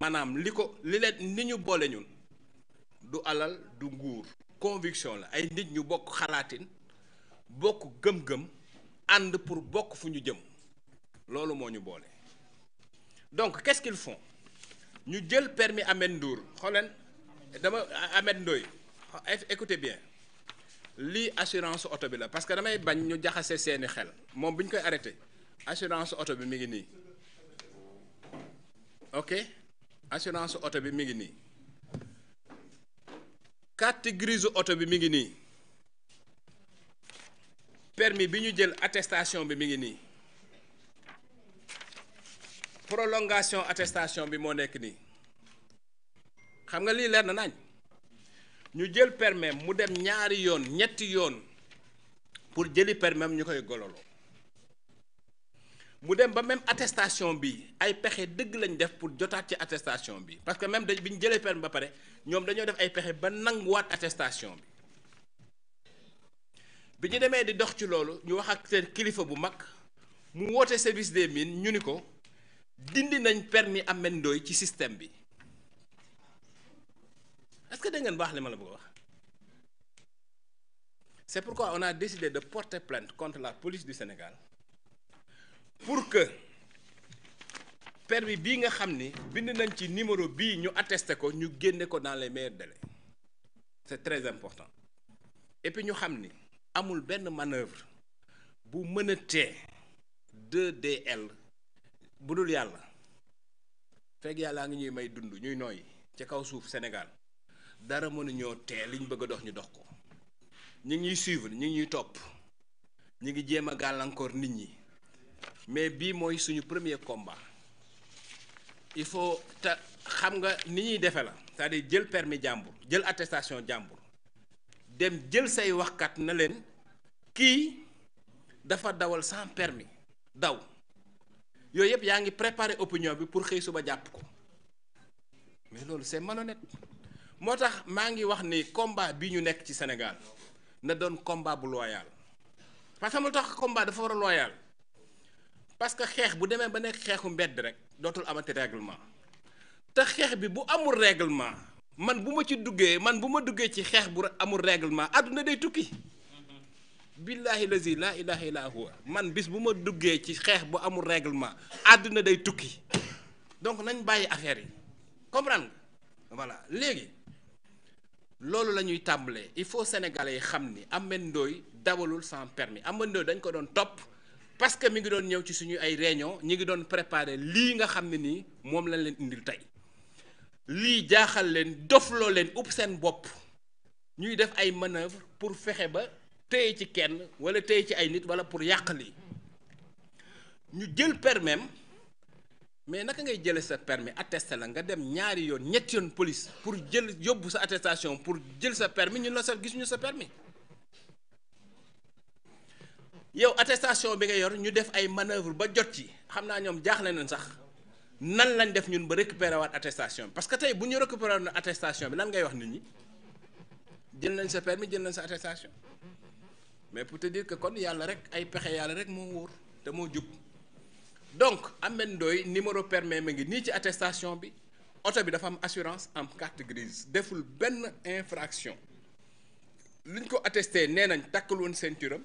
manam liko lile li leen du alal du conviction la ay nit ñu Nous xalatine bok gëm-gëm and pour bok fu ñu jëm lolu nous ñu donc qu'est-ce qu'ils font ñu jël permis à écoutez bien l'assurance assurance parce que damay bañ ñu jaxasse seeni xel mom buñ koy assurance auto bi mi ok assurance oto bi mi ngi nii carte grise oto bi mi ngi nii permis bi ñu jël attestation bi mi ngi nii prolongation attestation bi moo nekk nii xam nga lii leer na nañ ñu jël permis mu dem ñaari yoon ñetti yoon pour jëli permis am ñu koy gololoo mu dem ba même attestation bi ay pexé deug lañ def pour jotat ci attestation bi parce que même biñu jëlé permis ba paré ñom dañoo def ay pexé ba nanguwaat attestation bi biñu démé di dox ci lolu ñu wax ak seen kilifa bu mak mu woté service des mines ñu niko dindi nañ permis amendoy ci système bi est-ce que dégg ngeen baax li bëgg wax c'est pourquoi on a décidé de porter plainte contre la police du Sénégal pour que permis bii nga xam ni bind nañ ci numéro bii ñu attesté ko ñu génne ko dans les mair dele c'est très important et ñu xam ni amul benn manœuvre bu mën a tee 2DL bu dul yàlla fekk yàllaa ngi ñuy may dund ñuy nooy ci kaw suuf senegal dara mënuñoo tee liñ bëgg a dox ñu dox ko ñu ngi ñuy suivre ñu ngi ñuy topp ñu ngi jéem a gàllankoor nit ñi mais bi moy suñu premier combat il faut te xam nga ni ñi défé la c'est-à-dire jël permis jambour jël attestation jambour dem jël say waxkat na leen ki dafa dawal sans permis daw yooyu yëpp yaa ngi préparer opinion bi pour xëy suba japp ko mais lolu c'est malhonnête moo tax maa ngi wax ni combat bi ñu nek ci Sénégal na doon combat bu loyal parce que xamul tax combat dafa wara loyal parce que xeex bu demee ba nekk xeexu mbedd rek dootul amati règlement te xeex bi bu amul règlement man bu ma ci duggee man bu ma duggee ci xeex bu amul règlement aduna day tukki billahi lazi la ilaha illaa huwa man bis bu ma duggee ci xeex bu amul règlement aduna day tukki donc nañ bàyyi affaire yi comprendre nga voilà léegi loolu la ñuy tàmbalee il faut sénégalais yi xam ni Ameth Ndoye dawalul sans permis Ameth Ndoye dañ ko doon topp parce que mi ngi doon ñëw ci suñu ay réunion ñi ngi doon préparer lii nga xam ne nii moom lañ leen indil tey lii jaaxal leen dofloo leen upp seen bopp ñuy def ay manœuvre pour fexe ba téye ci kenn wala téye ci ay nit wala pour yàq lii ñu jël permis mais naka ngay jële sa permis attesté la nga dem ñaari yoon ñetti yoon police pour jël yóbbu sa attestation pour jël sa permis ñun la sa gisuñu sa permis yow attestation bi nga yor ñu def ay manœuvre ba jot ci xam naa ñoom jaaxle nañ sax nan lañ def ñun ba récupérer waat attestation parce que tey bu ñu récupérer woon attestation bi lan ngay wax nit ñi jël nañ sa permis jël nañ sa attestation mais pour te dire que kon yàlla rek ay pexe yàlla rek moo wóor te moo jub donc Ahmed Ndoye numéro permis ma ngi nii ci attestation bi oto bi dafa am assurance am carte grise deful benn infraction luñ ko attesté nee nañ takkul woon ceinture am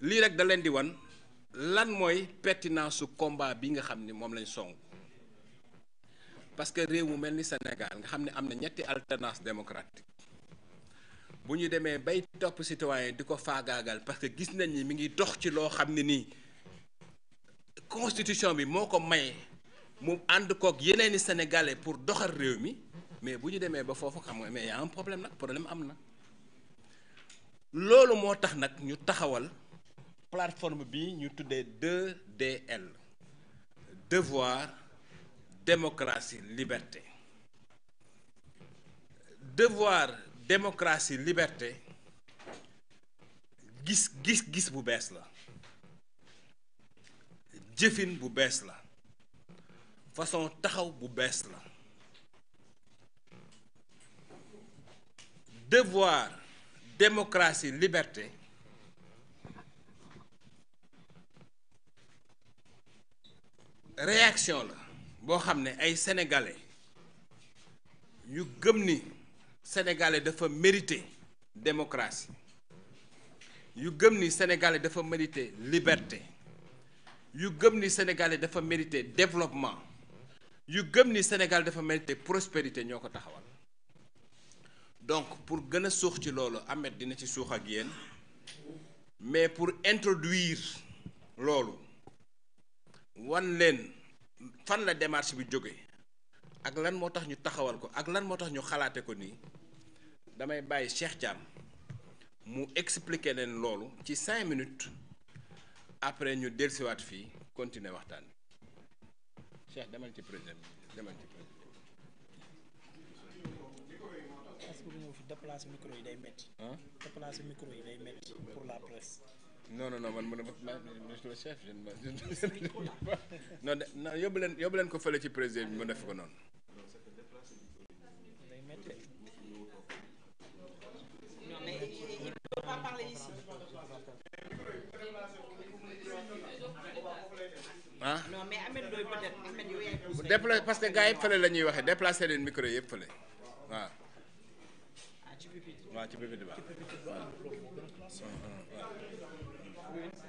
lii rek da leen di wan lan mooy pertinance su combat bi nga xam ni moom lañ song parce que réew mu mel ni Sénégal nga xam ne am na ñetti alternance démocratique bu ñu demee bay topp citoyen di ko faagaagal parce que gis nañ ni mi ngi dox ci loo xam ne nii constitution bi moo ko maye mu ànd kook yeneeni sénégalais pour doxal réew mi mais bu ñu demee ba foofu xam nga mais y a un problème nag problème am na loolu moo tax nag ñu taxawal. plateforme bi ñu tuddé 2DL devoir démocratie liberté devoir démocratie liberté gis gis gis bu bess la jëfin bu la façon taxaw bu là. devoir démocratie liberté réaction la boo xam ay sénégalais yu gëm ni sénégalais dafa mériter démocratie yu gëm ni sénégalais dafa mériter liberté yu gëm ni sénégalais dafa mériter développement yu gëm ni sénégal dafa mériter prospérité ñoko taxawal donc pour gëna a ci lolu Ahmed dina ci ak mais pour introduire lolu wan leen fan la démarche bi jóge ak lan moo tax ñu taxawal ko ak lan moo tax ñu xalaate ko nii damay bàyyi Cheikh Thiam mu expliquer leen loolu ci cinq minutes après ñu dellusiwaat fii continuer waxtaan bi Cheikh demal ci président demal ci président. parce que bu day métti. déplacer micro yi pour la presse. non non non man man monsieur le chef je non de non yóbbu leen yóbbu leen ko fële ci président bi mu def ko noonu. ah. non mais Ameth Ndoye parce que gars yëpp fële la ñuy waxee déplacé leen micro yëpp fële waaw. Ah, waaw ci biir bi waaw ci biir wins